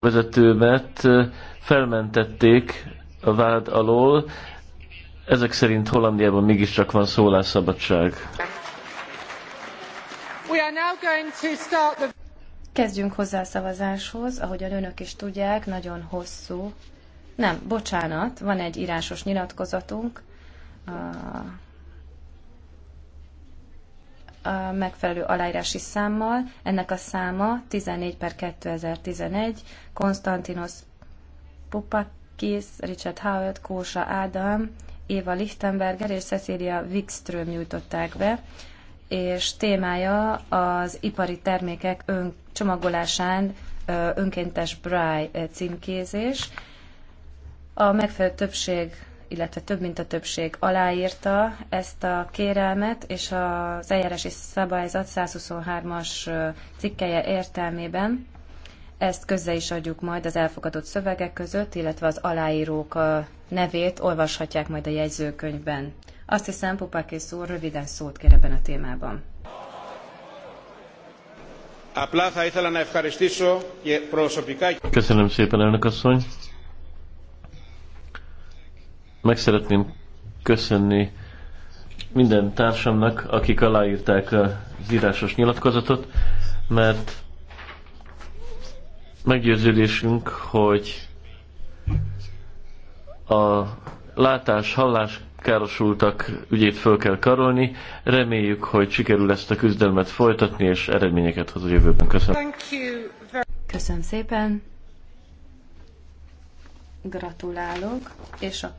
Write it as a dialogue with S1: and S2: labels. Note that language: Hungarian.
S1: vezetőmet felmentették a vád alól. Ezek szerint Hollandiában mégiscsak van szólásszabadság.
S2: Kezdjünk hozzá a szavazáshoz, ahogyan önök is tudják, nagyon hosszú. Nem, bocsánat, van egy írásos nyilatkozatunk a megfelelő aláírási számmal. Ennek a száma 14 per 2011, Konstantinos Popakis, Richard Howard, Kósa Ádám, Éva Lichtenberger és Cecilia Wikström nyújtották be, és témája az ipari termékek ön, csomagolásán önkéntes Braille címkézés. A megfelelő többség illetve több mint a többség aláírta ezt a kérelmet, és az eljárási szabályzat 123-as cikkeje értelmében ezt közze is adjuk majd az elfogadott szövegek között, illetve az aláírók a nevét olvashatják majd a jegyzőkönyvben. Azt hiszem, Pupakis úr röviden szót kér ebben a témában.
S1: Köszönöm szépen, elnök asszony! Meg szeretném köszönni minden társamnak, akik aláírták az írásos nyilatkozatot, mert meggyőződésünk, hogy a látás, hallás károsultak ügyét föl kell karolni. Reméljük, hogy sikerül ezt a küzdelmet folytatni, és eredményeket hoz a jövőben. Köszönöm.
S2: Köszönöm szépen. Gratulálok. És a